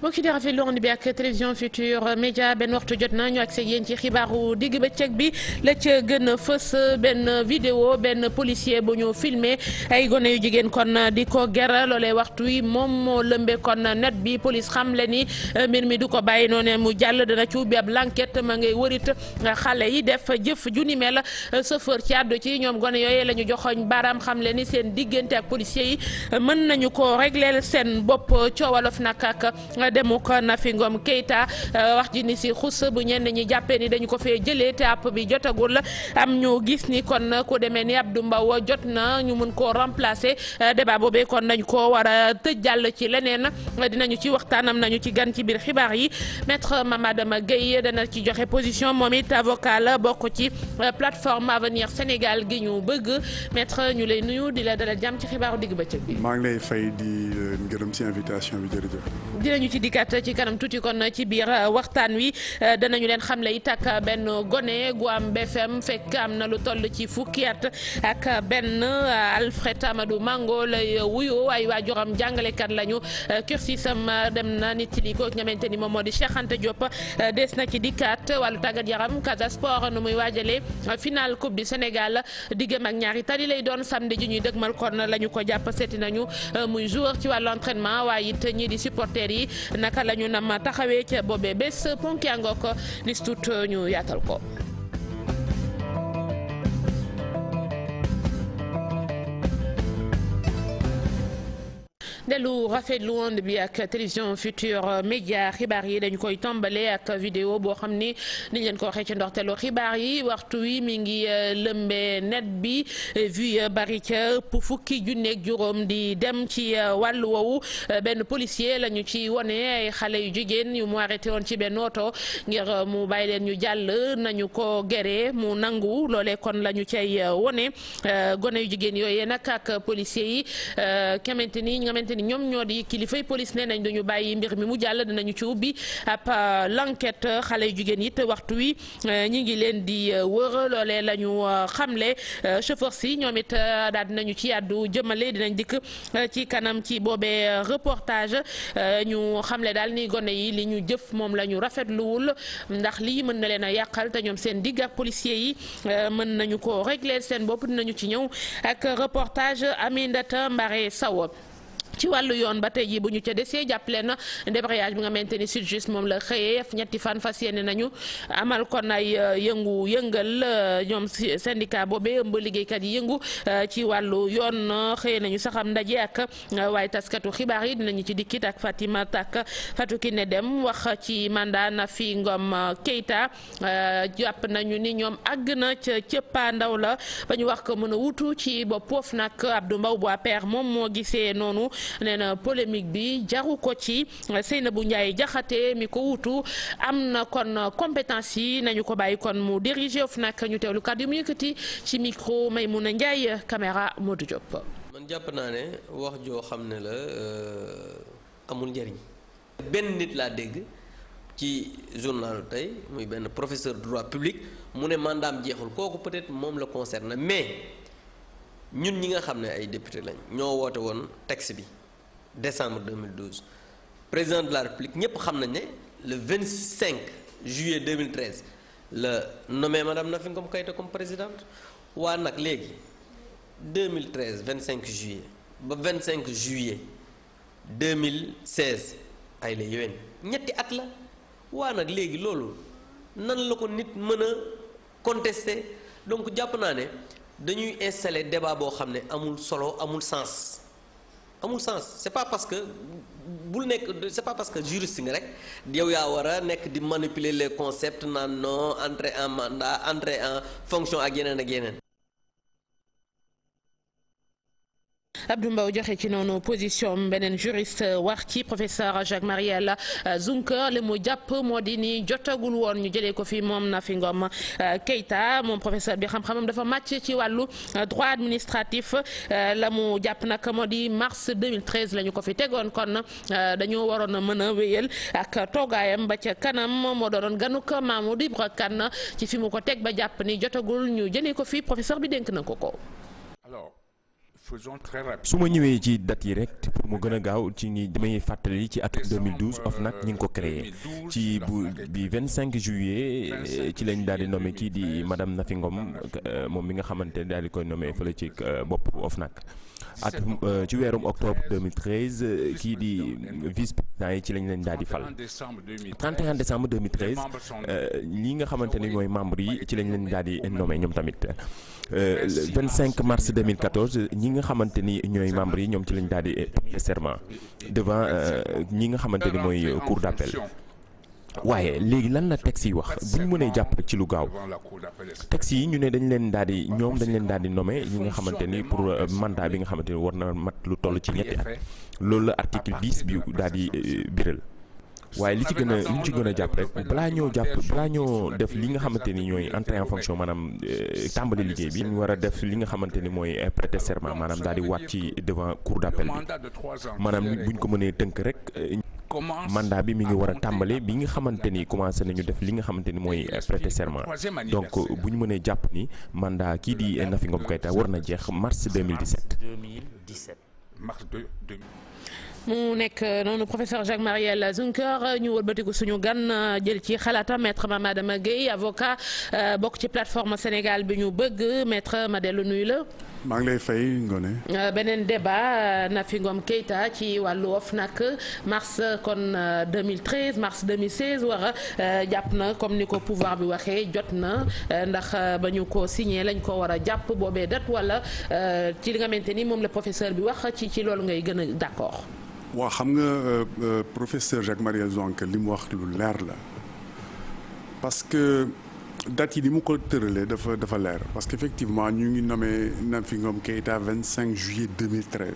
book yi di rafetlu woon bi ak télévision Futurs média benn waxtu jot na ñu ak seen yéen ci xibaaru digg bëccëg bi la ca gën a fës benn vidéo benn policier bu ñu filmé ay gone yu jigéen kon di ko ger loolee waxtu yi moom moo lëmbee kon net bi police xam le ni euh, mbir mi du ko bàyyi noonu mu jàll dana ci ubbi ab l'enquête ma ngay wërit euh, xale yi def jëf ju ni mel euh, chauffeur ci àddu ci ñoom gone yooyu la ñu joxoñ baraam xam le ni seen diggante ak policier yi mën nañu ko régler seen bopp coowalof nag demuk Nafi Ngom Keita euh, wax ji ni si xus bu ñenn ñi jàppee ni dañu ko fee jëlee te app bi jotagul am ñu gis ni kon ko demee ni Abdou Mbow jot na ñu mun koo remplacer euh, débat boobee kon nañ ko war a tëj jàll ci leneen dinañu ci waxtaan am nañu ci gan ci biir xibaar yi ma Mamadama Gueye dana ci joxe position moom it avocat la bokk ci euh, plateforme avenir Sénégal gi ñu bëgg maître ñu lay nuyu di la dalal jàmm ci xibaaru digg bëccëg bi. maa ngi lay di gërëm ci dikkat ci kanam tuuti kon ci biir euh, waxtaan wi euh, danañu leen xamle it takk benn gone gu am BFM fekk am na lu toll ci fukki at ak benn euh, Alfred Amadou Mango lay wuyoo ay waajuram jàngalekat lañu kursisam dem na nit li ko xamante ni moom moo di Cheikh Anta des na ci dikkat wàllu tàggat yaram Casa Sport nu muy waajalee final coupe du Sénégal diggam ak ñaari tali lay doon samedi ji ñuy dëgmal kon lañu ko jàpp seeti nañu muy joueur ci wàllu entraînement waaye it ñii yi. naka lañu ñu taxawee ca boobee bés ponk yaa nga ko listut ñu yaatal ko. dellu rafetlu woon bi ak télévision Futur Média xibaar yi dañu koy tàmbale ak vidéo boo xam ni niñ leen ko waxee ci ndorteelu xibaar yi waxtu wi mi ngi euh, lëmbe net bi vu euh, bari ca ëpp fukki junneeg juróom di dem ci euh, wàll woowu benn policier lañu ci wone ay xale yu jigéen yu mu arrêté woon ci benn oto ngir mu bàyyi leen ñu jàll nañu ko gere mu nangu loolee kon la ñu cay wone gone yu jigéen yooy nag ak policier yi xamante ni ñoom ñoo di kilifay police nee nañ dañu bàyyi mbir mi mu jàll dinañu ci ubbi ab euh, l'enquête xale yu jigéen it waxtu wi euh, ñi ngi leen di euh, wër loolee la ñu xamle chauffeur si ñoom it daal nañu ci yàddu jëmale dinañ dikk ci kanam ci boobe reportage ñu xamle daal ni gone yi li ñu jëf moom la ñu rafetluwul ndax lii mën na leen a yàqal te ñoom seen digg ak policier yi mën nañu ko régler seen bopp dinañu ci ñëw ak reportage Aminata Mbare Saw ci wàllu yoon ba tey jii bu ñu ca desee jàppale na débrayage bi nga xamante ni SYTJUST moom la xëyee ñetti fan fas yéene nañu amal kon ay euh, yëngu yëngal euh, ñoom syndicat boobe ëmb liggéeykat yi yëngu euh, ci wàllu yoon xëyee nañu saxam ndaje ak waaye taskatu xibaar yi dinañu ci dikkit ak Fatima Takk Fatou ne Dem wax ci mandat Nafi Ngom Keita jàpp nañu ni ñoom àgg na ca cëppaa ndaw la ba ñu wax ko mën a wutu ci bopp foofu nag Abdou Mbow bu APR moom moo gisee noonu nee na polémique bi jaru ko ci na bu Ndiaye Diakhaté mi ko wutu am na kon compétence yi nañu ko bàyyi kon mu diriger OFNAC ñu teewlu kàddu yu mu yëkkati ci micro Maymouna Ndiaye caméra Modou Diop. man jàpp naa ne wax joo xam ne la euh, amul njëriñ benn nit laa dégg ci journal tey muy benn professeur droit publique mu ne mandaam jeexul kooku peut-être moom la concerne mais ñun ñi nga xam ne ay député lañ ñoo woote woon texte bi décembre 2012 président de la république ñëpp xam nañ ne le cinq juillet 2013 la nommé madame Nafi Ngom Keïta comme présidente waa nag léegi mille 2013 cinq juillet ba vingt cinq juillet 2016 ay la yowén ñetti at la waa nag léegi loolu nan la ko nit mën a contester donc jàpp naa ne dañuy installer débat boo xam ne amul solo amul sens amul sens c'est pas parce que bul nekk c'est pas parce que juriste rek yow yaa war a nekk di manipuler les concepts naan non entrer en mandat entrer en fonction ak yeneen ak yeneen Abdou Mbow joxe ci noonu position beneen juriste wax ci professeur Jacques la Zunker li mu jàpp moo di ni jotagul woon ñu jëlee ko fi moom Nafi Ngom Keita moom professeur bi xam-xamam dafa màcc ci wàllu droit administratif la mu jàpp nag moo di mars 2013 la ñu ko fi tegoon kon dañoo waroon a mën a wéyal ak toogaayam ba ca kanam moo doonoon ganuk Mamadou Ibra Kane ci fi mu ko teg ba jàpp ni jotagul ñu jëlee ko fi professeur bi dénk na ko ko. su ma ñëwee ci date yi rek pour mu gën a gaaw ci ni damay fàttali ci atum 2012 OFNAC ñi ngi ko créé ci bu bi 25 juillet ci lañ daal di nommé kii di madame Nafi Ngom euh, moom mi nga xamante ne daal di koy nome fële ci euh, bopp OFNAC at euh, ci weerum octobre 2013 kii di vice président yi ci lañ leen daal di fal 31 décembre 2013 lii nga xamante mooy membre yi ci lañ leen daal di nommé ñoom tamit 25 mars 2014. ñi nga xamante ni ñooy membre yi ñoom ci lañu daal di porter serment devant euh, ñi nga xamante ni mooy cour d'appel waaye léegi lan la texte yi wax bu ñu mënee jàpp ci lu gaaw texte yi ñu ne dañ leen daal di ñoom dañ leen daal di nommé ñi nga xamante ni pour euh, mandat bi nga xamante ni war na mat lu toll ci ñetti at loolu la article 10 bi daal di euh, biral waaye li ci gën a li ñu ci gën a jàpp rek balaa ñoo jàpp balaa ñoo def li nga xamante ni ñooy entrée en fonction maanaam euh, tàmbali liggéey bi ñu war a def li nga xamante ni mooy euh, prêter serment maanaam daal di waat ci devant cour d'appel ko mënee tënk rek. Euh, mandat bi mi ngi war a tàmbale bi nga xamante ni commencé nañu def li nga xamante ni mooy prêter serment donc bu ñu mënee jàpp ni mandat kii di Nafi Ngom Keïta war na jeex mars 2017. 2017. mars 2017. mu nekk noonu professeur Jacques Mariel Zunker ñu wëlbatiku suñu gan jël ci xalaatam maître Mamadama Gueye avocat euh, bokk ci plateforme Sénégal bi ñu bëgg maître ma dellu nuyu la. maa ngi lay fay Ngoné. Euh, beneen débat euh, Nafi Ngom Keïta ci wàllu OFNAC mars kon 2013 mars 2016 war a jàpp na comme ni ko pouvoir bi waxee jot na ndax ba ñu ko signé lañ ko war a jàpp boobee dat wala ci li nga xamante ni moom la professeur bi wax ci ci loolu ngay gën a d'accord. waaw xam nga euh, euh, professeur Jacques Marie Zwanck li mu wax lu leer la parce que date yi ni mu ko tëralee dafa dafa leer parce que effectivement ñu ngi nomee nommé Nampy Ngom Keïta 25 juillet 2013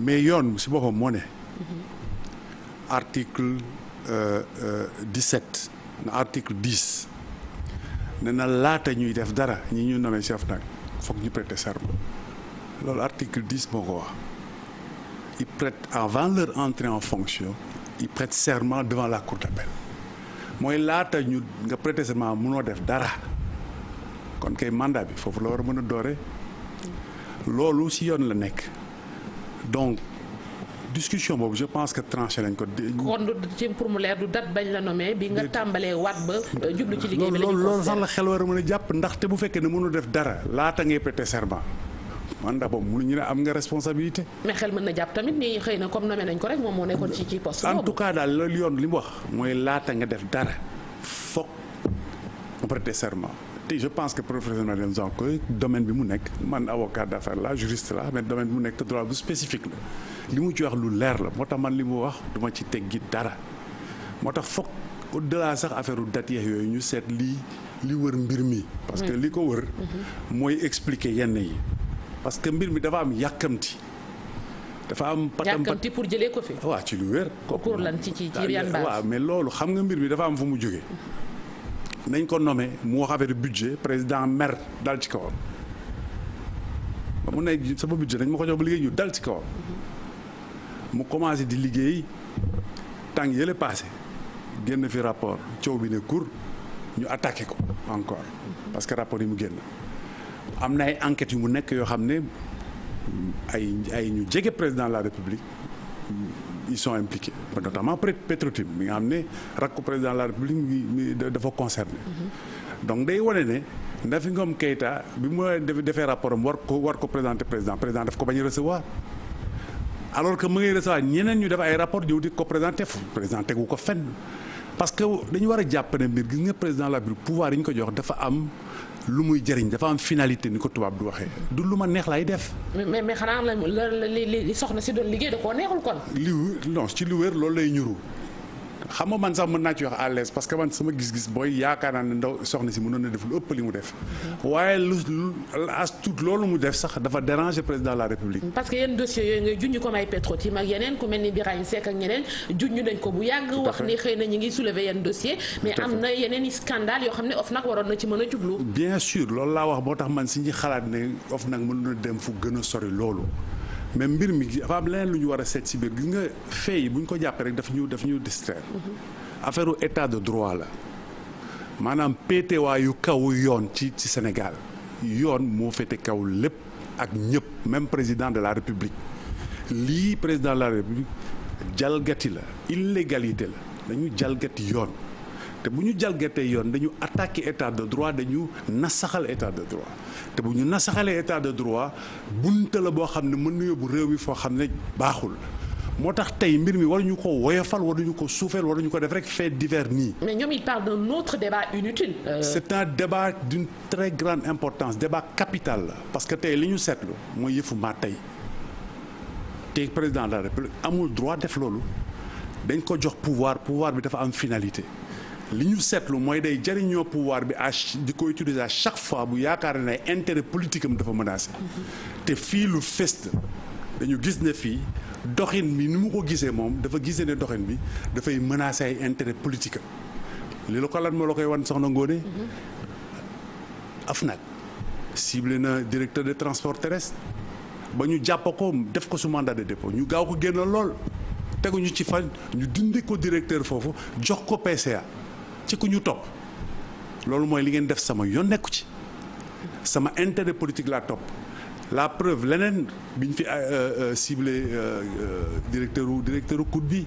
mais yoon si boppam moo ne. Mm-hmm. article euh, euh, 17 na article 10 ne na laata ñuy def dara ñi ñu nommé chef nag foog ñu prêter serment loolu article 10 moo ko wax. ils prêtent avant leur entrée en fonction ils prêtent serment devant la cour d'appel mooy laata ñu nga prêter serment mënoo def dara kon kay mandat bi foofu la war a mën a doore loolu ci yoon la nekk donc discussion boobu je pense que tranché lañ ko. kon du pour mu leer du date bañ la nommé bi nga tàmbalee waat ba. Euh, jublu ci liggéey bi la loolu loolu sax la xel war a mën a jàpp ndaxte bu fekkee ne mënul def dara laata ngay prêter serment. man mandat boobu mënuñu ne am nga responsabilité. mais xel mën na jàpp tamit ni xëy na comme nommé nañ ko rek moom moo nekkoon ci ci poste en tout cas daal loolu yoon li mu wax. mooy laata nga def dara. foog nga prêter serment. te je pense que professionnel dem sans que domaine bi mu nekk man avocat d'affaires la juriste la mais domaine bi mu nekk droit bu spécifique la li mu ci wax lu leer la moo tax man li mu wax duma ci teggi dara moo tax foog au sax affaire u date yooyu ñu seet lii li wër mbir mi parce que li ko wër mhm. mooy expliquer yenn yi parce que mbir mi dafa am yàkkamti. dafa am patam yàkkamti pour jëlee ko fi. waaw ci lu wér. pour lan ci ci ci yan waaw mais loolu xam nga mbir mi dafa am fu mu jógee. nañ ko nommé mu wax affaire budget président maire dal ci kawam. ba mu ne sama budget nañ ma ko jox ba liggéey ñu dal ci kawam. mu commencé di liggéey tàng yële passé génn fi rapport coow bi ne cour ñu attaqué ko encore parce que rapport yi mu génn. am na ay enquêtes yu mu nekk yoo xam ne ay ay ñu jege président de la république ils sont impliqués notamment Petrotim mi nga xam ne rakku président de la république dafa concerné mm-hmm. donc day wane ne Nafi Ngom Keïta bi mu defee rapport am war ko war ko présenter président président daf ko bañ a recevoir alors que mu ngay recevoir ñeneen ñu def ay rapport ñëw di ko présenter fu président tegu ko fenn parce que dañu war a jàpp mbir gis nga président la bi pouvoir yi ñu ko jox dafa am lu muy jëriñ dafa am finalité ni ko tubaab du waxee du lu ma neex laay def. mais mais xanaa la li soxna si doon liggéey da koo neexul kon. li non ci lu wér loolu lay ñuru xam nga man sax mën naa ci wax à l'aise parce que man ma gis-gis booy yaakaar naa ne ndaw soxna si mënoon na def lu ëpp li mu def. waaye lu as loolu mu def sax dafa déranger président de la république. parce que yenn dossiers yooyu ngay junj comme ay Petro-Tim ak yeneen ku mel ni Birahim Seck ak ñeneen junj dañ ko bu yàgg. wax ni xëy na ñu ngi soulever yenn dossier mais am na yeneen i scandale yoo xam ne OFNAC waroon na ci mën a jublu. bien sûr loolu laa wax boo tax man si ñi xalaat ne OFNAC mënoon na dem fu gën a sori loolu mais mbir mi dafa am leneen lu ñu war a seet si biir gis nga fee yi bu ñu ko jàppee rek daf ñu daf mm-hmm. affaire u état de droit la maanaam péetewaa yu kaw yoon ci ci Sénégal yoon moo féete kaw lépp ak ñëpp même président de la République lii président de la République jalgati la illégalité la dañu jalgati yoon te bu ñu jalgatee yoon dañu attaquer état de droit dañu nasaxal état de droit te bu ñu nasaxalee état de droit bunte la boo xam ne mën na yóbbu réew mi foo xam ne baaxul. moo tax tey mbir mi waruñu ko woyofal waruñu ko suufeel waruñu ko def rek fait divers nii. mais ñoom ils parlent d'un autre débat inutile. Euh. c'est un débat d'une très grande importance débat capital la parce que tey li ñu seetlu mooy yëfu tey te président de la république amul droit def loolu dañ ko jox pouvoir pouvoir bi dafa am finalité. li ñu seetlu mooy day jëriñoo pouvoir bi à di ko utiliser chaque fois bu yaakaar ne intérêt politique am dafa menacé. te fii lu fest dañu gis ne fii doxin bi ni mu ko gisee moom dafa gisee ne doxin bi dafay menacé ay intérêt politique li la ko lan moo la koy wan soxna Ngone. Mm-hmm. Afnac ciblé na directeur de transport terrestre ba ñu jàpp ko def ko su mandat de dépôt ñu gaaw ko génn lool teguñu ci fan ñu dindi ko directeur foofu jox ko PCA. ci ku ñu topp loolu mooy li ngeen def sama yoon nekku ci sama intérêt politique laa topp la preuve leneen bi ñu fi euh, euh, ciblé euh, directeur directeur COUD bi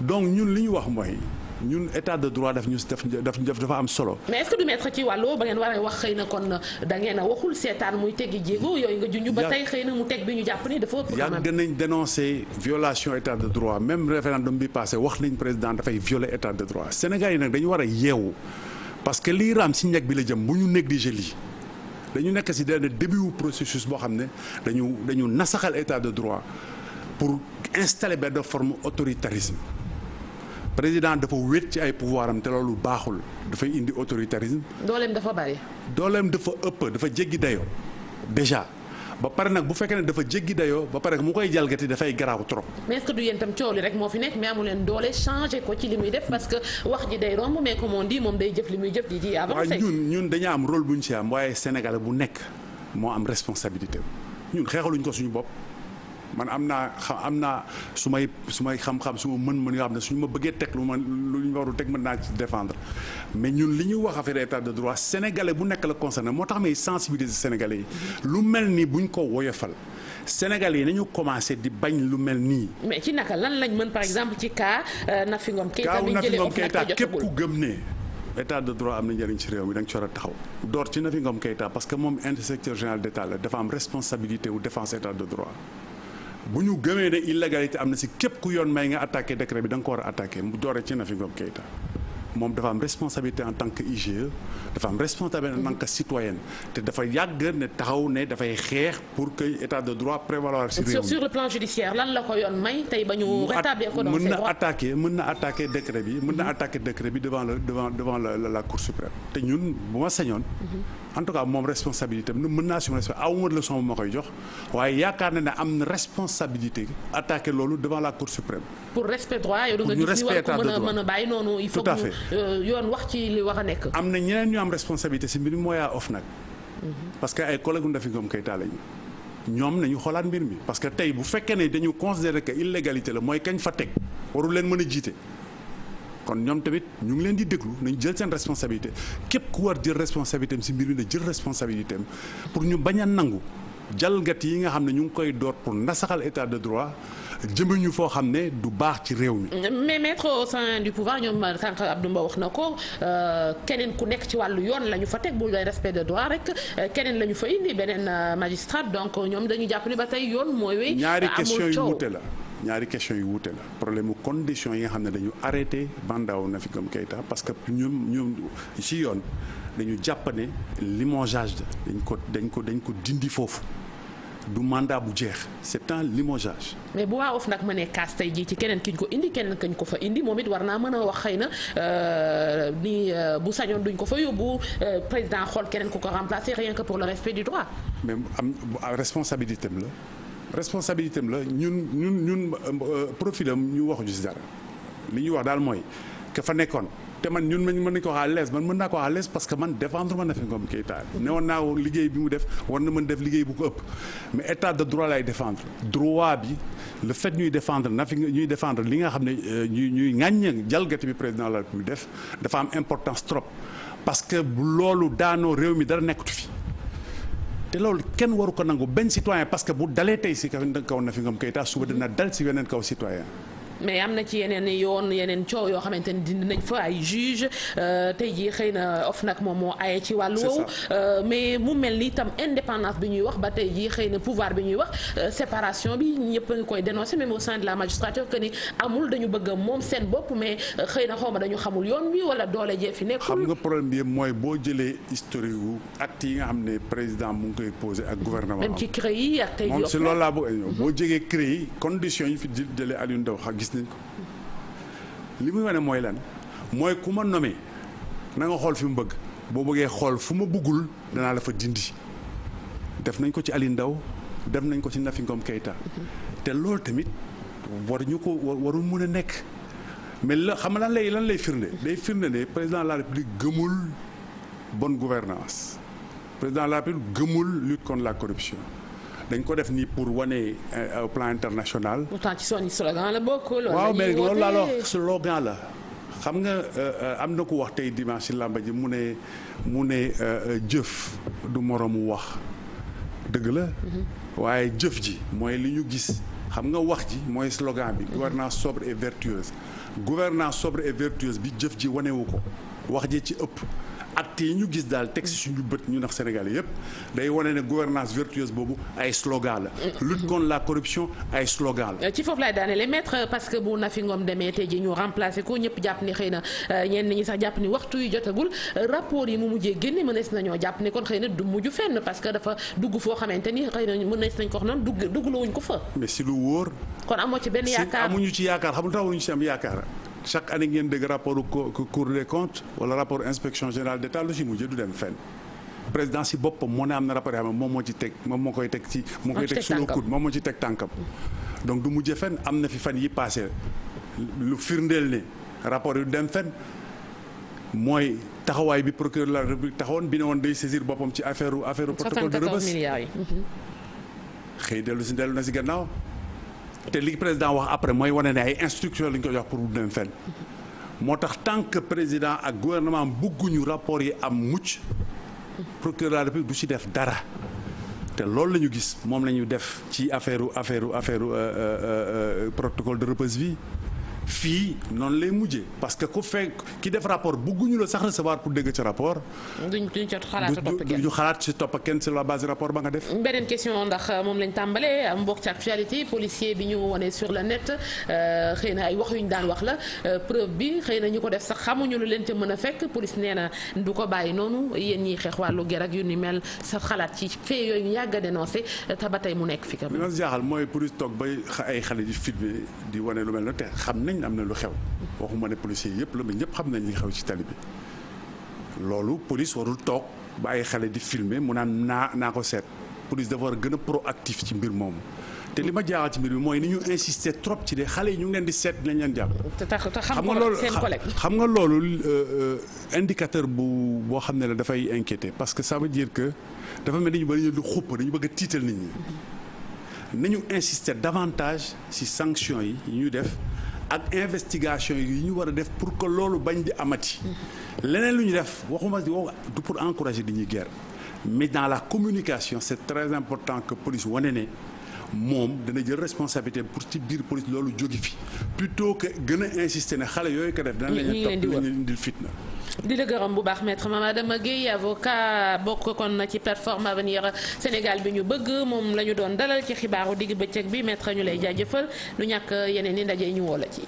donc ñun li ñu wax mooy. ñun état de droit daf ñu daf ñu def dafa am solo. mais est du maître ci wàllu ba ngeen war a wax xëy na kon da ngeen a waxul seetaan muy teggi jéego yooyu nga junj. ba tey xëy na mu teg bi ñu jàpp ni dafa ëpp. nañ dénoncer violation état de droit même référendum bi passé wax nañ président dafay violer état de droit Sénégal yi nag dañu war a yeewu parce que lii si ñeg bi la jëm bu ñu négliger lii. dañu nekk ci benn début processus boo xam ne dañu dañu nasaxal état de droit pour installer benn forme autoritarisme président dafa wéet ci ay pouvoir am te lu baaxul dafay indi autoritarisme. dooleem dafa bari. dooleem dafa ëpp dafa jéggi dayoo déjà ba pare nag bu fekkee ne dafa jéggi dayoo ba pare mu koy jalgati dafay garaaw trop. mais est-ce que du yéen itam coow li rek moo fi nekk mais amu leen doole changé ko ci li muy def parce que wax ji day romb mais comme on dit moom day jëf li muy jëf di ji avancé. ñun ñun dañu am role bu ñu ci am waaye Sénégalais bu nekk moo am responsabilité ñun xeexaluñ ko suñu bopp. man am naa xam am naa su may su may xam-xam su ma mën-mën yoo xam ne suñu ma bëggee teg lu ma lu ñu warul teg man naa ci défendre mais ñun li ñuy wax affaire état de droit sénégalais bu nekk la concerné moo tax may sensibiliser sénégale yi lu mel ni buñ ko woyofal sénégalais yi nañu commencé di bañ lu mel nii. mais ci naka lan lañ mën par exemple ci cas euh, Nafi Ngom Keïta bi jëlee of naka jotagul képp ku gëm ne. état de droit am na njëriñ ci réew mi da nga ci war a taxaw door ci Nafi Ngom Keïta que moom inspecteur général d'état la dafa am wu défense état de bu ñu gëmee ne illégalité am na si képp ku yoon may nga attaqué décret bi da ko war a attaqué mu doore ci fi Ngom Keïta moom dafa am responsabilité en tant que IGE dafa am responsabilité en tant que citoyenne te dafa yàgg ne taxaw ne dafay xeex pour que état de droit prévaloir si sur le plan judiciaire lan la ko yoon may tey ba ñu rétablir ko mën na attaquer mën na attaquer décret bi mën na mm-hmm. attaquer décret bi devant le devant devant la la cour suprême te ñun bu ma sañoon mm-hmm. en tout cas moom responsabilité am mën naa suñu respect awuma leçon bu ma koy jox waaye yaakaar na ne am na responsabilité attaqué loolu devant la cour suprême. pour respect droit yow da nga gis ni war ko mën a mën a bàyyi noonu. il faut que euh, yoon wax ci li wax a nekk. am na ñeneen ñu am responsabilité si mbir mi mooy off nag. Mhm. parce que ay collègues Ndafi Ngom Keïta lañu. ñoom nañu xoolaat mbir mi parce que tey bu fekkee ne dañu considérer que illégalité la mooy kañ fa teg waru leen mën a jiite. kon ñoom tamit ñu ngi leen di déglu nañ jël seen responsabilité képp ku war jël responsabilité am si mbir mi na jël responsabilité pour ñu bañ a nangu jalgat yi nga xam ne ñu ngi koy door pour nasaxal état de droit jëmbi ñu foo xam ne du baax ci réew mi. mais maître au sein du pouvoir ñoom sànq Abdou mba wax na ko euh, keneen ku nekk ci wàllu yoon la ñu fa teg bu lay respect de droit rek euh, keneen lañu ñu fa indi beneen euh, magistrat donc ñoom dañu jàpp ni ba tey yoon mooy. ñaari question yu la. ñaari question yu wuute la problème mu condition yi nga xam ne dañu arrêté Bandao Nafikiam Keïta parce que ñun ñun ci yoon dañu jàpp ne limogeage dañ ko dañ ko dañ ko dindi foofu du mandat bu jeex c'est un limogeage. mais bu waa of nag mënee kaas tey jii ci keneen ki ñu ko indi keneen kañ ko fa indi moom it war naa mën a wax xëy na euh, ni euh, bu sañoon duñ ko fa yóbbu euh, président xool keneen ku ko remplacer rien que pour le respect du droit. mais am responsabilité am la. responsabilité am la ñun ñun ñun euh, euh, profil am ñu waxuñu si dara li ñuy wax daal mooy que fa nekkoon te man ñun mën nañu ko wax à l'aise man mën naa ko wax à parce que man défendre ma Nafi Ngom Keïta ne woon naa liggéey bi mu def war na mën def liggéey bu ko ëpp mais état de droit lay défendre droit bi le fait ñuy défendre Nafi ñuy défendre li nga xam ne euh, ñuy ñuy ŋàññ jalgati bi président la République def dafa am importance trop parce que loolu daanoo réew mi dara nekkatu fi te loolu kenn waru ko nangu benn citoyen parce que bu dalee tey si kaw Nafi Ngom Keïta ah, suba dina dal si weneen kaw citoyen mais am na ci yeneen yoon yeneen coow yoo xamante ni dindi nañ fa ay juge euh, tey jii xëy na of nag moom moo aye ci wàll woowu euh, mais mu mel ni itam indépendance bi ñuy wax ba tey jii xëy na pouvoir bi ñuy wax euh, séparation bi ñëpp a ngi koy dénoncer même au sein de la magistrature que ni amul dañu bëgg a moom bopp mais xëy na xaw dañu xamul yoon wala doole jee fi nekk nga problème bi mooy boo jëlee historique wu acte yi nga xam ne président mu ngi koy posé ak gouvernement même ci CREI yi ak tey moom si loolu laa bëgg boo jegee CREI yi condition yi fi jëlee Aliou Ndao gis nañ ko li muy wane mooy lan mooy ku ma nommé na xool fi mu bëgg boo bëggee xool fu ma buggul danaa la fa dindi def nañ ko ci Aliou Ndao def nañ ko ci Nafi Ngom Keïta te loolu tamit waruñu ko warul mën a nekk mais la xam lan lay lan lay firnde day firnde ne président de la république gëmul bon gouvernance président la république gëmul lutte contre la corruption dañ ko def nii pour wane euh, au plan international. pourtant ci soni slogan la waaw mais loolu la wax la. xam nga euh, am na ko wax tey dimanche ci làmba ji mu ne mu ne euh, jëf du moroomu wax dëgg la. Mhm. waaye jëf ji mooy li ñu gis. xam nga wax ji mooy slogan bi. Mhm. gouvernance sobre et vertueuse. gouvernant sobre et vertueuse bi jëf ji wanewu ko wax ji ci ëpp. actes yi ñu gis daal teg si suñu bët ñu nax Sénégal yëpp day wane ne gouvernance vertueuse boobu ay slogan la. lutte la corruption ay slogan la. ci foofu laay daanelee maître parce que bu Nafi demee tey ji ñu remplacé ko ñëpp jàpp ni xëy na euh, ñenn ñi sax jàpp ni waxtu yu jotagul rapport yi mu mujjee génne mënees nañoo jàpp ni kon xëy na du mujj fenn parce que dafa dugg foo xamante ni xëy nañu mënees nañ ko wax noonu dugg dugg la wuñ ko fa. mais si lu wóor. kon amoo ci benn yaakaar si amuñu ci yaakaar xam nga taxawuñu yaakaar. chaque année ngeen dégg rapport cour des comptes wala rapport inspection générale d'État lu ci mujj du dem fenn président si boppam moo ne am na rapport xam ne moom moo ci teg moom moo koy teg ci. moo koy teg sous le coude moom moo ci teg tànkam. donc du mujj fenn am na fi fan yi passé lu firndeel ne rapport yu dem fenn mooy taxawaay bi procureur la république taxawoon bi ne woon day saisir boppam ci affaire affaire protocole de Rebeuss. xëy dellu si dellu na si gannaaw. te li président wax après mooy wane ne ay instructions la koy wax jox pour bu dem fenn moo tax tant que président ak gouvernement bugguñu rapport yi am mucc procureur de la république du ci def dara te loolu la ñu gis moom la ñu def ci affaire affaire affaire euh, euh, euh, protocole de repose vie fii noonu lay mujjee parce que ku fekk ki def rapport bëgguñu la sax recevoir pour dégg ci rapport. duñ duñ jot xalaat topp kenn duñ la base rapport ba nga def. beneen question ndax moom lañ tàmbalee mbokk ci actualité policier bi ñu wone sur le net euh, xëy na ay wax yu ñu daan wax la euh, preuve bi xëy na ñu ko def sax xamuñu lu leen ca mën a fekk police nee na du ko bàyyi noonu yéen ñiy xeex wàllu ger ak yu ni mel sa xalaat ci fee yooyu ñu yàgg a dénoncé mu nekk fi. li ma am na lu xew waxuma ne policiers yëpp la mais ñëpp xam nañ li xew ci tali bi loolu police warul toog ba ay xale di filmer mu naan naa naa ko seet police dafa war a gën a actif ci mbir moomu te li ma jaaxal ci mbir mooy ni ñu insister trop ci de xale yi ñu ngi leen di seet nañ leen jàpp. xam nga loolu xam nga loolu indicateur bu boo xam ne la dafay inquiété parce que ça veut dire que dafa mel ni ñu bëri ñu du xupp dañu bëgg a tiital nit ñi nañu insister davantage ci sanction yi ñuy def. ak investigation yi ñu war a def pour que loolu bañ di amati. leneen lu ñu def waxuma di wax du pour encourager di ñuy guerre mais dans la communication c'est très important que police wane ne moom dana jël responsabilité pour ci biir police loolu jógi fi plutôt que gën a insister ne xale yooyu ko def. dana leen topp dinañ indil fitna. di la gërëm bu baax maître Mamadama Guèye avocat bokk kon na ci plateforme avenir Sénégal bi ñu bëgg moom la ñu doon dalal ci xibaaru digg bëccëg bi maître ñu lay jaajëfal lu ñàkk yeneen i ndaje ñu woo la ci.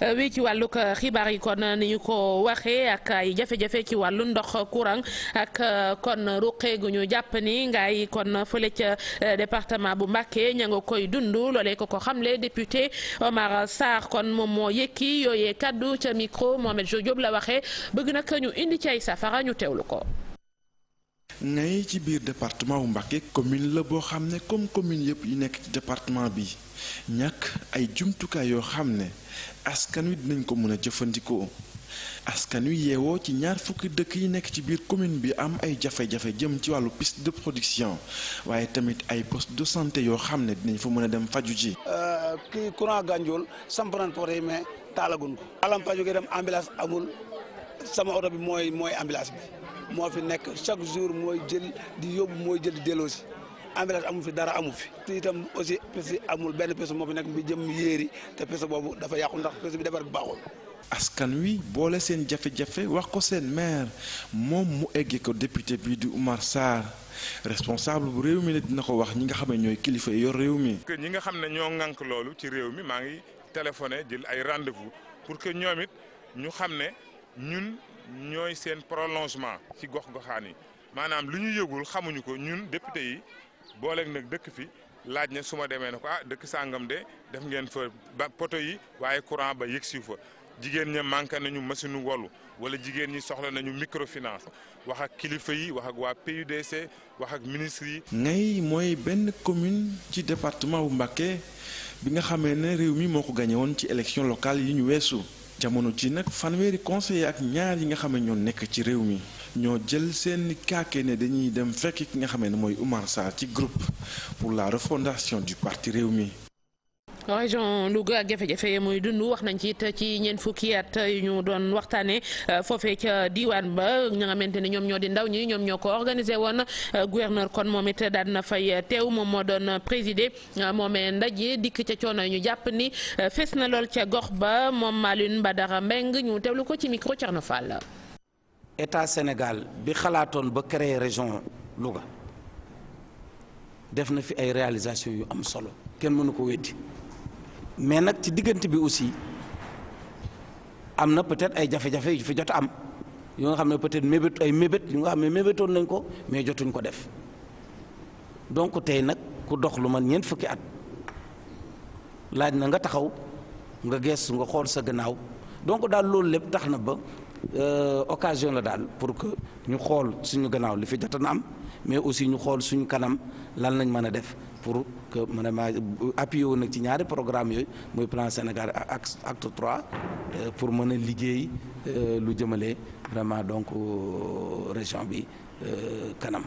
wii euh, ci wàllug xibaar yi kon ni ñu ko waxee ak ay jafe-jafe ci wàllu ndox courant ak euh, kon ruqe gu ñu jàpp ni ngay kon fële ca euh, département bu Mbacké ña nga koy dund loolee ko ko xamle député Omar Sarr kon moom moo yëkki yooyee kàddu ca micro Mohamed Jo la waxee. bëgg nag ñu indi ci ay safara ñu teewlu ko. ngay ci biir département wu Mbacké commune la boo xam ne comme commune yëpp yi nekk ci département bi ñàkk ay jumtukaay yoo xam ne askan wi dinañ ko mën a jëfandikoo askan wi yeewoo ci ñaar fukki dëkk yi nekk ci biir commune bi am ay jafe-jafe jëm ci wàllu piste de production waaye tamit ay poste de santé yoo xam ne dinañ fa mën a dem faju ji. Euh, kii courant Gandiol samp nañ mais taalaguñ alam faju gi dem sama oto bi mooy mooy ambulance bi moo fi nekk chaque jour mooy jël di yóbbu mooy jël di delloo si ambulance amu fi dara amu fi te itam aussi piste amul benn piste moo fi nekk bi jëm yéeri te piste boobu dafa yàqu ndax piste bi defar bi baaxul askan wi boole seen jafe-jafe wax ko seen maire moom mu eggee ko député bii di Oumar Sarr responsable bu réew mi ne dina ko wax ñi nga xam ne ñooy kilifa yor réew mi. que ñi nga xam ne ñoo ngànk loolu ci réew mi maa ngi téléphoné jël ay rendez-vous ñun ñooy seen prolongement ci gox-goxaan yi maanaam lu ñu yëgul xamuñu ko ñun député yi booleeg nag dëkk fi laaj na su ma demee na ko ah dëkk sàngam de def ngeen fa ba poto yi waaye courant ba yegg si fa jigéen ña manqué nañu machine wolu wala jigéen ñi soxla nañu microfinance wax ak kilifa yi wax ak waa PUDC wax ak ministre yi. Ngay mooy benn commune ci département bu Mbacké bi nga xamee ne réew mi moo ko gagné woon ci élection locale yi ñu weesu. jamono ji nag fanweeri conseiller ak ñaar yi nga xam ne ñoo nekk ci réew mi ñoo jël seen kaake ne dañuy dem fekk ki nga xam ne mooy Oumar Sarr ci groupe pour la refondation du parti réew mi région Louga ak jafe-jafe yi muy dund wax nañ ci it ci ñeent fukki yaat yu ñu doon waxtaanee euh, foofe ca diwaan ba ña nga xamante ne ñoom ñoo di ndaw ñi ñoom ñoo ko organisé woon euh, gouverneur kon moom it daan na fay teew moom moo doon présider euh, moomee ndaje dikk ca coono ñu jàpp ni fees na lool ca gox ba moom Alioune Badara Mbengue ñu teewlu ko ci micro Thierno Fall. état Sénégal bi xalaatoon ba créer région Louga def na fi ay réalisation yu am solo kenn mënu ko weddi. mais nag ci diggante bi aussi am na peut-être ay jafe-jafe yu fi jot am yu nga xam ne peut-être mébét ay mébét yu nga xam ne mébétoon nañ ko mais jotuñ ko def donc tey nag ku dox lu ma ñeent fukki at laaj na nga taxaw nga gees nga xool sa gannaaw donc daal loolu lépp tax na ba euh, occasion la daal pour que ñu xool suñu gannaaw li fi jot na am mais aussi ñu xool suñu kanam lan lañ mën a def pour que vraiment appuyé wu nag ci ñaari programme yooyu muy plan Sénégal ak acte 3 euh, pour mën a liggéey euh, lu jëmale vraiment donc région bi euh, kanam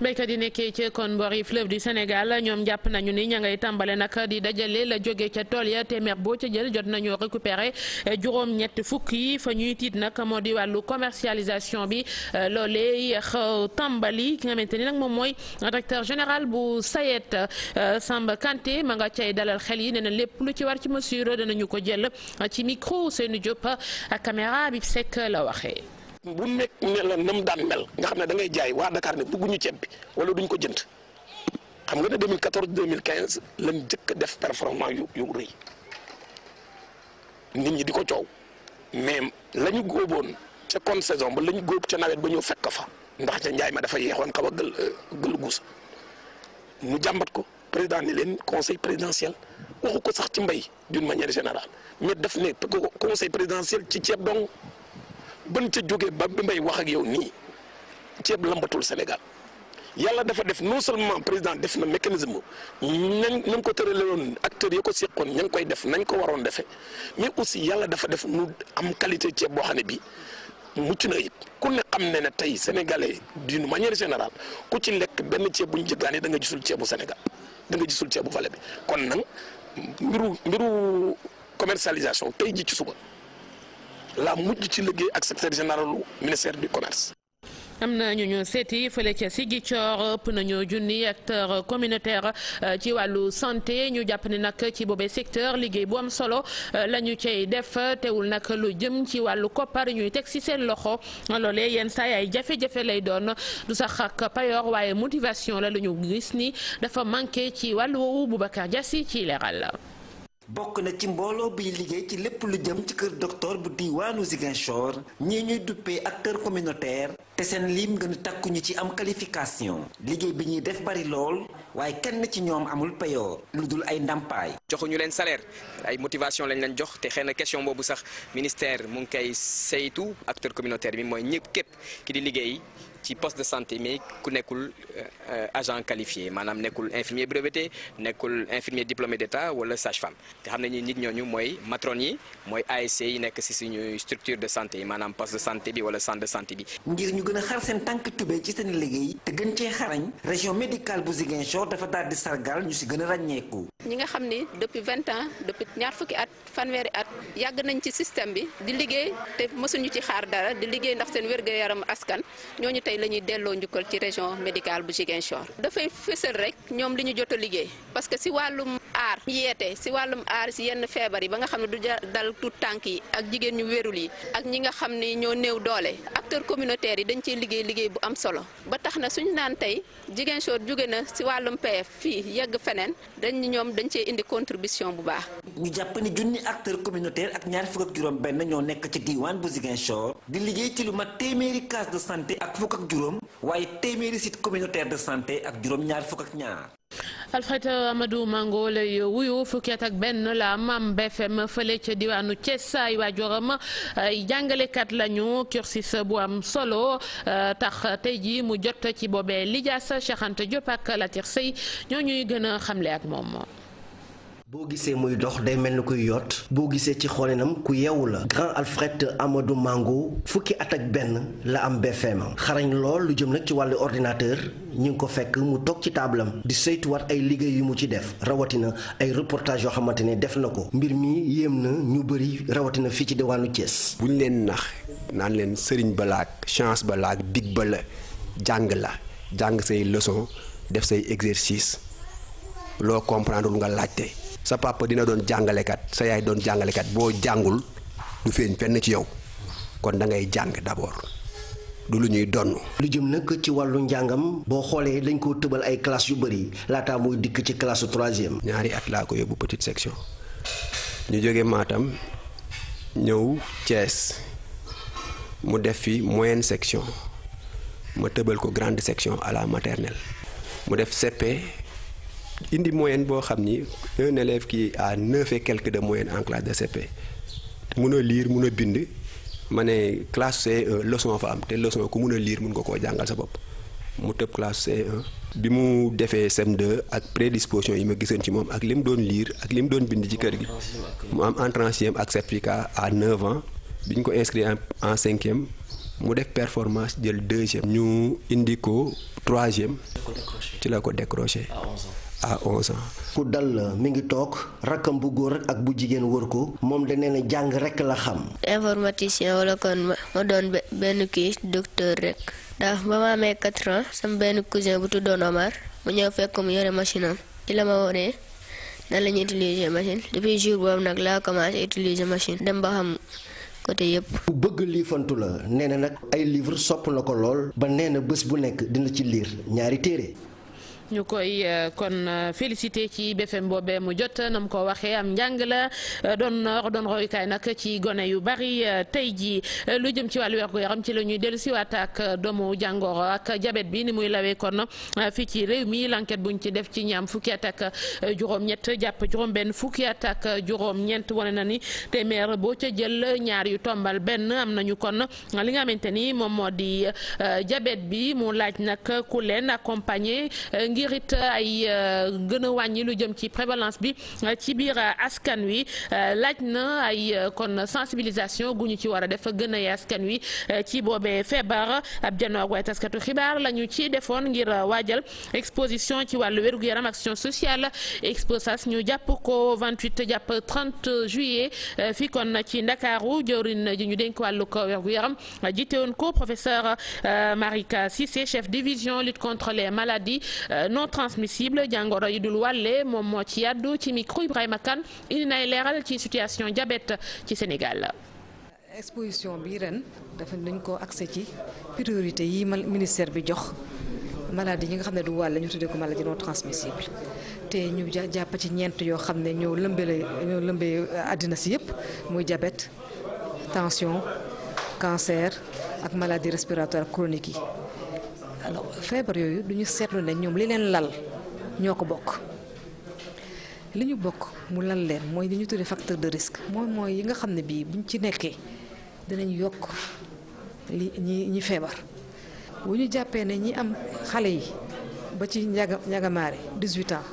béykat yi nekkee ca kon boori fleuve du Sénégal ñoom jàpp nañu ni ña ngay tàmbale nag di dajale la jóge ca tool ya téeméer boo ca jël jot nañoo récupérer eh, juróom ñett fukk yi fa ñuy tiit nag moo di wàllu commercialisation bi eh, loolee xaw tàmbali ki nga xamante ni nag moom mooy directeur général bu sayet eh, Samba kante ma nga cay dalal xel yi nee na lépp lu ci war ci mesure danañu ko jël ci micro Seynou Diop ak caméra bi Seck la waxee. bu nekk ne la nam daan mel nga xam ne da ngay jaay waa Dakar ne bëgguñu ceeb bi wala duñ ko jënd xam nga ne 2014 2015 lañ jëkk def performance yu yu rëy nit ñi di ko coow mais lañu ñu góoboon ca kon saison ba la góob ca nawet ba ñëw fekk fa ndax ca njaay ma dafa yeexoon xaw a gël euh, gël guus mu jàmbat ko président ni leen conseil présidentiel waxu ko sax ci mbay d'une manière générale mais daf ne conseil présidentiel ci ceeb dong. ban ca jógee ba mbay may wax ak yow nii ceeb lambatul Sénégal yàlla dafa def non seulement président def na mécanisme nañ nañ ko tërale woon acteur yi ko seqoon ña ngi koy def nañ ko waroon defee mais aussi yàlla dafa def nu am qualité ceeb boo xam ne bii mucc na it ku ne xam ne ne tey sénégalais d'une manière général ku ci lekk benn ceeb bu ñu jëggaane da nga gisul ceebu Sénégal danga nga gisul ceebu vallée bi kon nag mbiru mbiru commercialisation tey ji ci suba. laa mujj ci liggéey ak secrétaire général ministère du commerce. am na ñu ñu seeti fële ca Ziguinchor ëpp nañu junni acteur communautaire euh, ci wàllu santé ñu jàpp ni nag ci boobee secteur liggéey bu am solo euh, la ñu cay def teewul nag lu jëm ci wàllu koppar ñuy teg ci seen loxo loolee yenn saa ay jafe-jafe lay doon du sax ak payoor waaye motivation la lu ñu gis ni dafa manqué ci wàllu woowu Boubacar jasi ci leeral. bokk na ci mbooloo biy liggéey ci lépp lu jëm ci kër docteur bu diwaanu Ziguinchor ñii ñuy duppee acteur communautaire te seen lii lim gën a takku ci am qualification liggéey bi ñuy def bari lool waaye kenn ci ñoom amul payoor lu dul ay ndàmpaay. joxuñu leen salaire ay motivation lañ leen jox te xëy na question boobu sax ministère mu ngi koy saytu acteur communautaire bi mooy ñëpp képp ki di liggéey. ci poste de santé mais ku nekkul euh, euh, agent qualifié maanaam nekkul infirmier breveté nekkul infirmier diplômé d'état wala sage-femme nga xam ne ñi nit ñooñu mooy matrone yi mooy ASC yi nekk ci suñu structure de santé yi maanaam poste de santé bi wala centre de santé bi. ngir ñu gën a xar seen tànk tubé ci seen liggéey te gën cee xarañ région médical bu Ziguinchor dafa daal di sargal ñu si gën a ràññeeku. ñi nga xam ni depuis vingt ans depuis ñaar fukki at fanweeri at yàgg nañ ci système bi di liggéey te mësuñu ci xaar dara di liggéey ndax seen wér yaram askan la ñuy delloo njukkal ci région médicale bu Ziguinchor dafay fësal rek ñoom li ñu jot a liggéey parce que si wàllum aar yeete si wàllum aar si yenn feebar yi ba nga xam ne du dal tout tànk yi ak jigéen ñu wérul yi ñi nga xam ne ñoo néew doole acteurs communautaires yi dañ ciy liggéey liggéey bu am solo ba tax na suñu naan tey Ziguinchor jóge na si wàllum PF fii yegg feneen dañ ñoom dañ cee indi contribution bu baax. ñu jàpp ni junni acteurs communautaires ak ñaar fukk ak juróom benn ñoo nekk ci diiwaan bu Ziguinchor di liggéey ci lu mat téeméeri case de santé ak fukk ak juróom waaye téeméeri site communautaire de santé ak juróom ñaar fukk ak ñaar. Alfred Amadou Mango lay wuyu fukki ak benn la maam BFM fële ca diwaanu Thiès ay waajuram ay jàngalekat lañu cursus bu am solo euh, tax tey jii mu jot ci boobee lijaasa Cheikh Anta Diop Latir Sey ñoo ñuy gën a xamle ak moom. boo gisee muy dox day mel ni kuy yoot boo gisee ci xoolinam ku yeewu la grand Alfred Amadou Mango fukki at ak benn la am BFM xarañ lool lu jëm nag ci wàllu ordinateur ñu ngi ko fekk mu toog ci taabalam di saytuwaat ay liggéey yu mu ci def rawatina ay reportage yoo xamante ne def na ko mbir mi yéem na ñu bari rawatina fii ci diwaanu Thiès. bu ñu leen nax naa leen sëriñ balaak chance balaak dig ba la jàng la jàng say leçon def say exercice loo comprendre nga laajte. sa papa dina doon jàngalekat sa yaay doon jàngalekat boo jàngul du feeñ fenn ci yow kon da ngay jàng d'abord du lu ñuy donn lu jëm nag ci wàllu njàngam boo xoolee dañ ko tëbal ay classe yu bëri laataa muy dikk ci classe troisième ñaari at laa ko yóbbu petite section ñu jóge Matam ñëw Thiès mu def fi moyenne section ma tëbal ko grande section à la maternelle mu def CP indi moyenne boo xam ni un élève qui a neuf et quelques de moyenne en classe de CP mun a liir mun a bind ma ne classe C1 leçon fa am te leçon ku mun a liir mun ko ko jàngal sa bopp mu tëb classe C1. bi mu defee CM2 ak prédisposion yi ma gisoon ci moom ak li mu doon liir ak li mu doon bind ci kër gi mu am entrée en sixième ak certificat à neuf ans bi ñu ko inscrit en cinquième mu def performance jël deuxième ñu indi ko troisième ci la ko décroché. à 11 ans. ku dal la mi ngi toog rakkam bu góor ak bu jigéen wër ko moom da nee na jàng rek la xam. informaticien wala kon ma doon benn kii docteur rek. ndax ba ma amee 4 ans sama benn cousin bu tuddoon Omar mu ñëw fekk mu yore machine am ci la ma wonee na la ñuy utiliser machine depuis jour boobu nag laa commencé utiliser machine dem ba xam. bu bëgg liifantu la nee na nag ay livre sopp na ko lool ba nee na bés bu nekk dina ci liir ñaari téere ñu koy euh, kon euh, félicité ci BFM boobee mu jot na mu ko waxee am njàng la euh, doon doon royukaay nag ci gone yu bari tey jii lu jëm ci wàllu wergu yaram ci la ñuy dellu siwaat ak doomu jàngoro ak jabet bi ni muy lawee kon fii ci réew mi l'enquête buñ ci def ci ñaam fukki at ak juróom-ñett jàpp juróom-benn fukki at ak juróom-ñeent wane na ni téeméer boo ca jël ñaar yu tombal benn am nañu kon li nga xamante ni moom moo di jabet bi mu laaj nak ku leen accompagner. ngir it euh, ay euh, gën a wàññi lu jëm ci prévalence bi euh, ci biir askan wi laaj na ay kon sensibilisation gu ñu ci war a def gën a askan wi ci boobee feebar ab janoo ak waay taskatu xibaar la ñu ci defoon ngir waajal exposition ci wàllu wérgu yaram action sociale exposas ñu jàpp ko 28 jàpp 30 juillet fii kon ci ndakaaru jëwrin ji ñu dénk wàllu ko wérgu yaram jiite ko professeur Marika Cissé chef division lutte contre les maladies non transmissible jàngooro yi dul wàlle moom moo ci yàddu ci micro Ibrahima Kane indi nay leeral ci situation jabet ci Sénégal. exposition bi ren dafa dañ ko accès ci priorité yi ministère bi jox maladie yi nga xam ne du wàll ñu tuddee ko maladie non transmissible te ñu jàpp ci ñeent yoo xam ne ñoo lëmbee ñoo lëmbee àddina si yëpp muy jabet tension cancer ak maladie respiratoire chronique yi. feebar yooyu du ñu seetlu ne ñoom li leen lal ñoo ko bokk li ñu bokk mu lal leen mooy li ñu tuddee facteur de risque moom mooy yi nga xam ne bii buñ ci nekkee dinañ yokk li ñi ñi feebar bu ñu jàppee ne ñi am xale yi ba ci njaga njagamaari 18 ans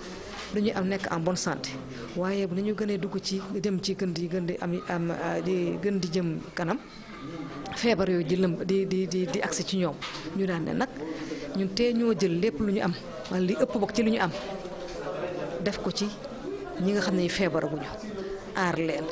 dañuy am nekk en bon santé waaye bu ñu gënee dugg ci dem ci gën di gën di am am di gën di jëm kanam feebar yooyu di lëmb di di di di agsi ci ñoom ñu daan ne nag ñun tee ñoo jël lépp lu ñu am wala li ëpp bokk ci lu ñu am def ko ci ñi nga xam ne feebaraguñu aar leen.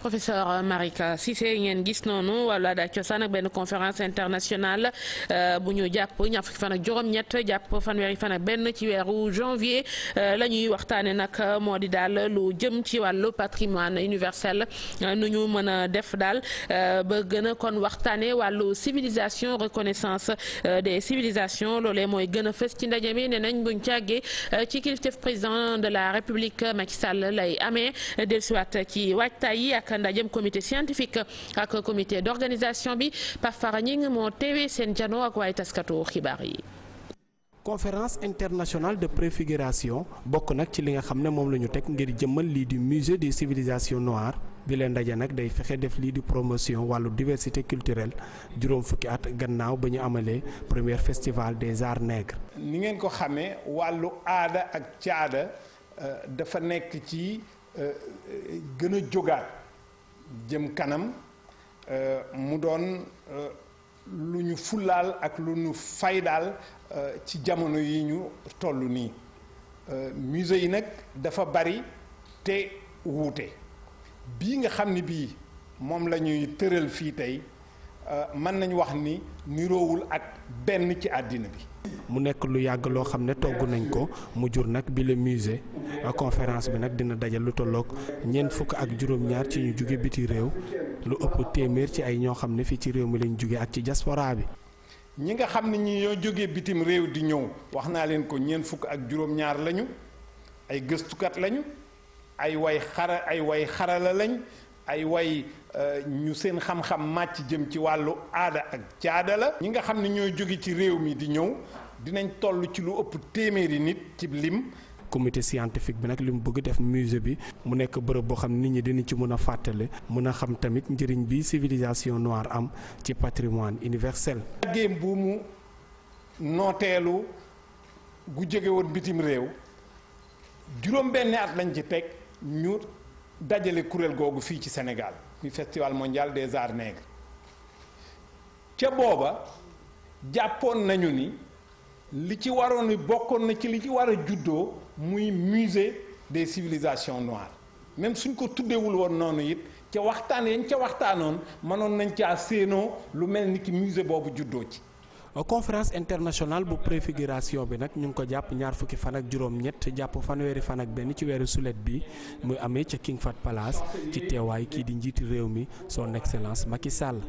professeur Marika Cissé ngeen gis noonu wàllu aada ak cosaan ak benn conférence internationale euh, bu ñu jàpp ñaar fukki fan ak juróom-ñett jàpp fanweeri fan ak benn ci weeru janvier euh, la ñuy waxtaanee nag moo di daal lu jëm ci wàllu patrimoine universel euh, nu ñu mën a def daal ba gën a kon waxtaanee wàllu civilisation reconnaissance des civilisations loolee mooy gën a fës ci ndaje mi nee nañ buñ càggee ci kilifteef président de la république Macky Sall lay amee dellusiwaat ci waajtaay ak ndajem comité scientifique ak comité d'organisation bi Pape Fara Gning moo teewee seen janoo ak waaye taskatu xibaar yi. conférence internationale de préfiguration bokk nag ci li nga xam ne moom la ñu teg ngir jëmmal lii di musée des civilisations noires bi leen ndaje nag day fexe def lii di promotion wàllu diversité culturelle juróom fukki at gannaaw ba ñu amalee première festival des arts nègres. ni ngeen ko xamee wàllu aada ak caada euh, dafa nekk ci euh, gën a jógaat. jëm kanam euh, mu doon euh, lu ñu fullaal ak lu ñu faydaal euh, ci jamono yi ñu toll nii musée yi nag dafa bari te wuute bii nga xam ni bii moom la ñuy tëral fii tey mën nañu wax ni niroowul ak benn ci àddina bi mu nekk lu yàgg loo xam ne togg nañ ko mu jur nag bile le musée conférence bi nag dina dajal lu tolloog ñeent fukk ak juróom-ñaar ci ñu jóge biti réew lu ëpp téeméer ci ay ñoo xam ne fii ci réew mi lañ jóge ak ci diaspora bi. ñi nga xam ne ñi ñoo jógee bitim réew di ñëw wax naa leen ko ñeent fukk ak juróom-ñaar lañu ay gëstukat lañu ay way ay way xarala lañ ay way euh, ñu seen xam-xam màcc jëm ci wàllu aada ak caada la ñi nga xam ne ñooy jóge ci réew mi di ñëw dinañ toll ci lu ëpp téeméeri nit ci lim comité scientifique bi nag li mu bëgg def musée bi mu nekk bërëb boo xam nit ñi dinañ ci mën a fàttale mën a xam tamit njëriñ bi civilisation noire am ci patrimoine universel géem bu mu nooteelu gu jóge bitim réew juróom benn at lañ ci teg ñu dajale kuréel googu fii ci Sénégal muy festival mondial des arts nègres ca booba jàppoon nañu ni li ci waroon bokkoon na ci li ci war a juddoo muy musée des civilisations noires même suñ ko tuddewul woon noonu it ca waxtaan yañ ca waxtaanoon mënoon nañ caa séenoo lu mel ni ki musée boobu juddoo ci Euh, conférence internationale bu préfiguration bi nag ñu ngi ko jàpp ñaar fukki fan ak juróom-ñett jàpp fanweeri fan ak benn ci weeru sulet bi muy amee ca King Fahd Palace ci teewaay kii di njiiti réew mi son excellence Macky Sall.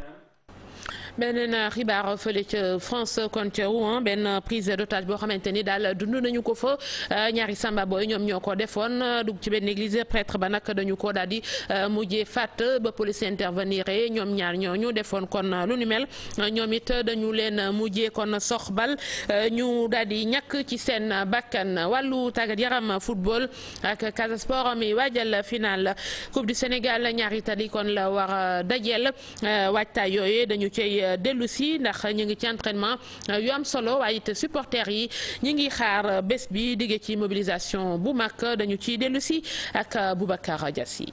beneen xibaar fële ca France kon ca Rouen benn prise d'otage boo xamante ni daal dund nañu ko fa euh, ñaari samba booy ñoom ñoo ko defoon dugg ci benn église prêtre ba nag dañu ko daal di euh, mujjee fàtt ba police intervenir ñoom ñaar ñoo ñooñu defoon kon lu ni mel ñoom it dañu leen mujjee kon sox bal euh, ñu daal di ñàkk ci seen bakkan wàllu tàggat yaram football ak Casa Sport mi waajal final Coupe du Sénégal ñaari tali kon la war a dajeel waajtaay yooyu dañu cey Euh, dellu si ndax ñu ngi ci entraînement euh, yu am solo waaye it supporters yi ñu ngi xaar euh, bés bi digge ci mobilisation bu mag dañu ci dellu si ak Boubacar Diassi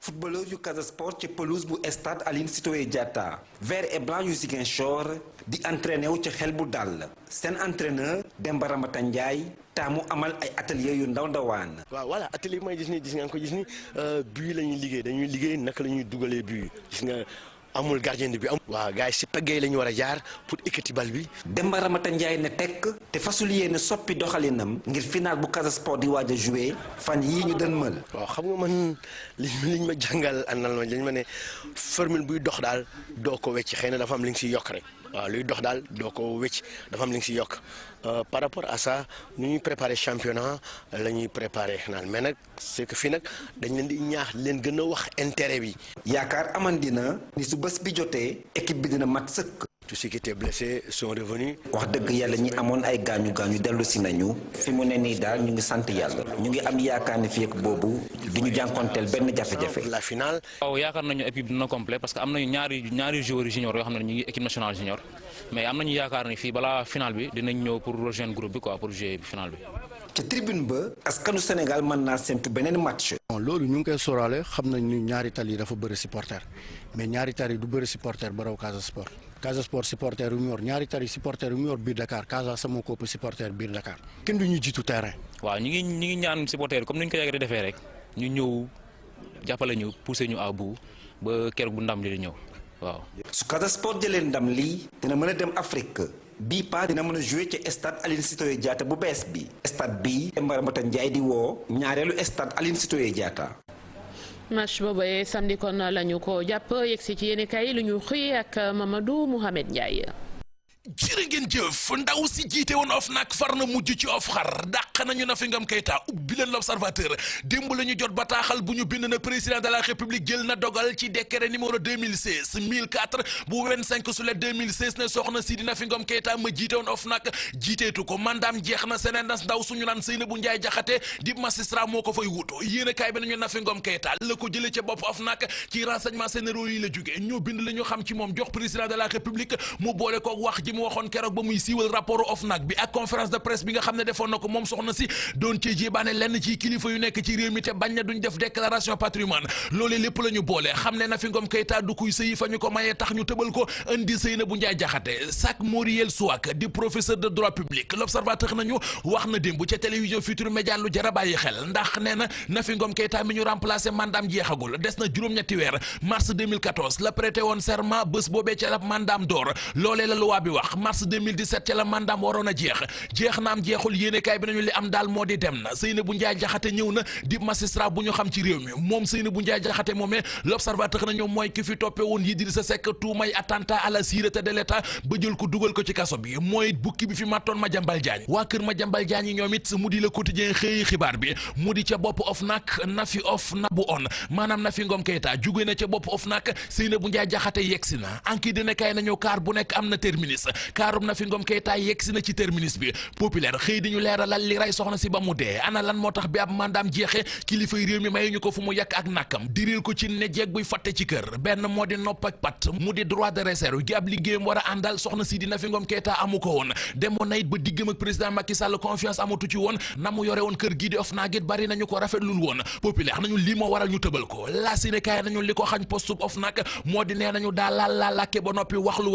footballeur yu Casa ci pelouse bu stade Aline Sitoé Diatta vert et blanc yu Ziguinchor di entraîné wu ci xel bu dal seen entraîneur Demba Ramata Ndiaye taamu amal ay atelier yu ndaw ndawaan waaw wala atelier bi may gis ni gis nga ko gis ni buy la liggéey dañuy liggéey naka la ñuy dugalee buy amul gardien bi am. waaw gars yi si peggee la ñu war a jaar pour ekkati bal bi. Demba Ramata Ndiaye ne tekk te fasul yéene soppi doxalinam ngir final bu Casa Sport di waaj a fan yii ñu dënmal. waaw xam nga man liñ ma jàngal àndal ma dañ ma ne formule buy dox daal doo ko wecc xëy na dafa am li nga siy yokk rek. waaw luy dox daal doo ko wécc dafa am li nga si yokk euh, par rapport à ça nu ñuy préparer championnat la ñuy préparer naan mais nag c'est que fii nag dañ leen di ñaax leen gën a wax intérêt bi. yaakaar aman dina ni su bés bi jotee équipe bi dina mat sëkk. tous ceux qui étaient blessés sont revenus. wax dëgg yàlla ñi amoon ay gaañu gaañu dellu si nañu. fi mu ne nii daal ñu ngi sant yàlla. ñu ngi am yaakaar ne fii ak boobu du ñu jànkonteel benn jafe-jafe. la finale. waaw yaakaar nañu équipe dina complet parce que am nañu ñaari ñaari joueurs junior yoo xam ne ñu ngi équipe nationale junior mais am nañu yaakaar ni fii balaa finale bi dinañ ñëw pour rejoindre groupe bi quoi pour jouer finale bi. ca tribune ba askanu Sénégal mën naa séntu beneen match. loolu ñu ngi koy sóoraale xam nañ ñu ñaari tali dafa bëri supporter ñaari tali du bëri supporter ba raw Casa Sport Casa Sport supporter yu mu yor ñaari tari supporter yu mu yor biir Dakar Casa sama ko ëpp supporter biir Dakar kenn du ñu jiitu terrain. waaw ñu ngi ñu ngi ñaan supporter comme ni ñu ko yàgg defee rek ñu ñëw jàppale ñu pousser ñu à ba keroog bu ndam li di ñëw waaw. su Casa Sport jëlee ndam lii. dina mën a dem Afrique. bii paa dina mën a joué ci stade Aline Sitoé jaata bu bees bi. stade bii Mbaramata Ndiaye di woo. ñaareelu stade Aline Sitoé jaata match boobee samedi kon la ñu ko jàpp yegsi ci yéenekaay yi lu ñu xëyee ak Mamadou Mouhamed Ndiaye. jërë ngeen jëf ndaw si jiite woon of nag far na mujj ci of xar dàq nañu na fi ngam ubbi leen l'observateur démb la ñu jot bataaxal bu ñu bind na président de république jël na dogal ci décret numéro 2016 1004 bu 25 juillet 2016 ne soxna si dina fi ngam kayta ma jiite woon of nag jiiteetu ko mandaam jeex na seneen ndaw suñu naan Seynabou Ndiaye Jaxate di magistrat moo ko fay wuto yéen bi nañu na fi ngam la ko jële ca bopp mu waxoon keroog ba muy siiwal rapport OFNAC bi ak conférence de presse bi nga xam ne defoon na ko moom soxna si doon ci jébaane lenn ci kilifa yu nekk ci réew mi te bañ na duñ def déclaration patrimoine loolee la lu jara bi wax wax mars 2017 ca la mandaam waroon a jeex jeex naam jeexul yéenekaay bi nañu li am daal moo di dem na Seynabou Ndiaye Diakhaté ñëw na di magistrat bu ñu xam ci réew mi moom Seynabou Ndiaye Diakhaté moomee ko dugal ko bi mooy bukki bi fi màttoon Madiambal Diagne waa kër Madiambal Diagne yi bu on yegsi na anki dina nañu kaar bu nekk am na terminus kaarum na fi ngom kaytaay yegg si na ci terminus bi populaire xëy di ñu leeralal li ray soxna si ba mu dee ana moo tax bi ab mandaam jeexee kilifay réew mi may ko fu mu yàkk ak nàkkam diril ko ci ne jeeg buy fatte ci kër benn moo di nopp ak pat mu di droit de réserve gi ab liggéeyam war a àndal soxna si di na fi ngom kaytaa amu ko woon demoon na it ba diggam ak président Macky Sall confiance amatu ci woon na mu yore woon kër gii di of ko rafetlul woon populaire nañu lii moo waral ñu tëbal ko la si ne kaay nañu li ko xañ poste of nag moo di nee nañu daal laal laa làkke ba noppi wax lu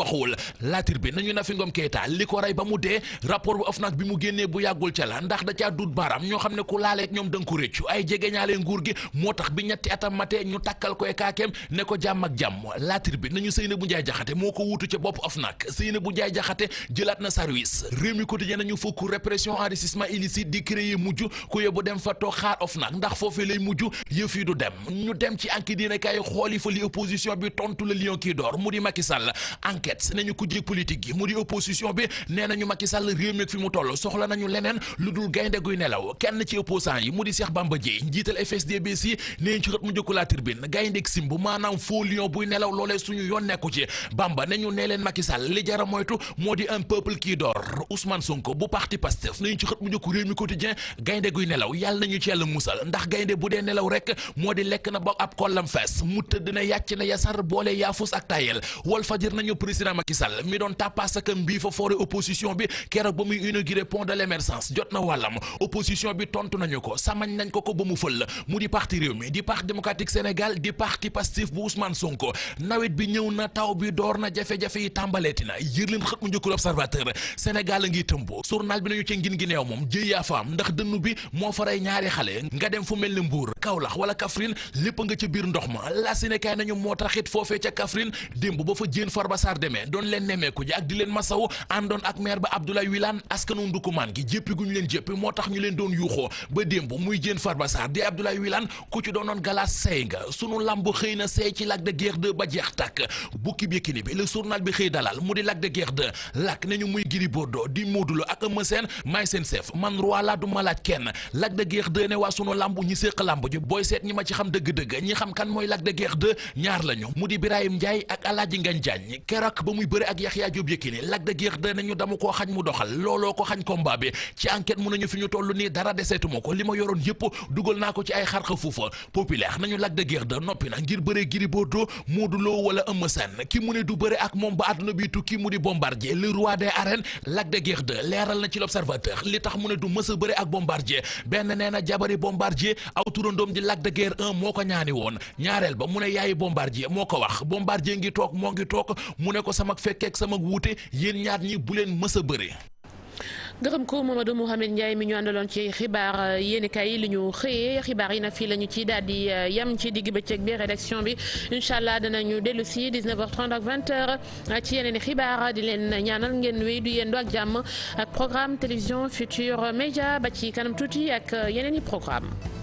ñu Nafi Ngom Keïta li ko rey ba mu dee rapport bu OFNAC bi mu génnee bu yàggul ca la ndax da caa dut baaraam ñoo xam ne ku laaleeg ñoom dënku réccu ay jegeñaale nguur gi moo tax bi ñetti atam matee ñu takkal koy kaakeem ne ko jàmm ak jàmm laatir bi nañu bu Ndiaye Jaxate moo ko wuutu ca bopp OFNAC bu Ndiaye Jaxate jëlaat na service réew mi quotidien nañu fukk répression enrichissement illicite di créer mujj ku yóbbu dem fa toog xaar OFNAC ndax foofee lay mujj yëf yi du dem ñu dem ci enquête yi ne kay xooli fa li opposition bi tontu la lion kii door mu di Macky Sall enquête nañu ku jég politique gi mu di opposition bi nee ñu Macky Sall réew mi fi mu toll soxla nañu leneen lu dul gaynde guy nelaw kenn ci opposant yi mu di Cheikh Bamba Dièye njiital FSD/BC nee ci xët mu njëkk la tribune gaynde simb maanaam faux lion buy nelaw loolee suñu yoon nekku ci Bamba ne ñu nee leen Macky Sall li jara moytu moo di un peuple qui dort Ousmane bu parti Pastef nañu ci xët mu njëkk réew mi quotidien gaynde guy nelaw yàlla nañu ci yàlla musal ndax gaynde bu dee nelaw rek moo di lekk na ba ab kollam fees mu tëdd na yàcc na yasar boole yaafus ak tayel wal fajir nañu président Macky Sall mi doon tàppaas sa que mbii fa foore opposition bi keroog ba muy inauguré pont jot na wàllam opposition bi tontu nañu ko samañ nañ ko ko ba mu fël mu di parti réew mi di parti démocratique Sénégal di parti Pastef bu Ousmane Sonko nawet bi ñëw na taw bi door na jafe-jafe yi tàmbaleeti na yër leen xët mu njëkkul observateur Sénégal a ngi tëmboo journal bi nañu ci ngin gi neew moom jëy yaa faam ndax dënnu bi moo faray ñaari xale nga dem fu mel ni Mbuur Kaolack wala Kaffrine lépp nga ci biir ndox ma moo taxit foofee ca Kaffrine démb ba fa doon leen nemmeeku ji ak di leen masawu àndoon ak maire ba Abdoulaye Wilane askanu Ndukumaan gi jéppi gu ñu leen jéppi moo tax ñu leen doon yuuxoo ba démb muy jën Farba Sarr di Abdoulaye Wilane ku ci doonoon galaas sey nga sunu lamb xëy na sey ci Lac de Guiers 2 ba jeex tàkk bukki Yékini bi le journal bi xëy dalal mu di Lac de Guiers 2 Lac nañu muy Gris Bordeaux di Modou Lô ak Eumeu Sène maay seen chef man roi laa du ma laaj kenn Lac de Guiers 2 ne waa sunu lamb ñi séq lamb ji booy seet ma ci xam dëgg-dëgg ñi xam kan mooy Lac de Guiers 2 ñaar lañu di Birahim Ndiaye ak Aladji Ngagne Diagne ba muy bëre ak Yaxya Diop Yékini Lac de Guiers da nañu damu koo xañ mu doxal looloo ko xañ combat bi ci enquête mun nañu fi ñu toll nii dara deseetuma ko li ma yoroon yëpp dugal naa ko ci ay xarxa fuufa populaire nañu Lac de da noppi na ngir bëree Gris Bordeaux Modou Lo wala Eumeu Sène ki mu ne du bëre ak moom ba àdduna bi tukki mu di Bombardier le roi des arènes Lac de Guiers 2 leeral na ci l'observateur li tax mu ne du mës a bëre ak Bombardier benn nee na jabari Bombardier aw turandoom di Lac de Guiers 1 moo ko ñaani woon ñaareel ba mu ne yaayi Bombardier moo ko wax moo ngi toog mu ne ko sama fekkeek sama wuute diggante yéen ñaar ñi bu leen mës a bëre. gërëm ko Mamadou Mouhamed Ndiaye mi ñu àndaloon ci xibaar euh, yéeni kay li ñu xëyee xibaar yi nag fii la ñu ci daal di euh, yam ci digg bëccëg bi rédaction bi incha allah danañu dellu si 19h30 ak 20h euh, ci yenn i xibaar di leen ñaanal ngeen wéy du yendu ak jàmm ak programme télévision Futur Média ba ci kanam tuuti ak yeneen yi programme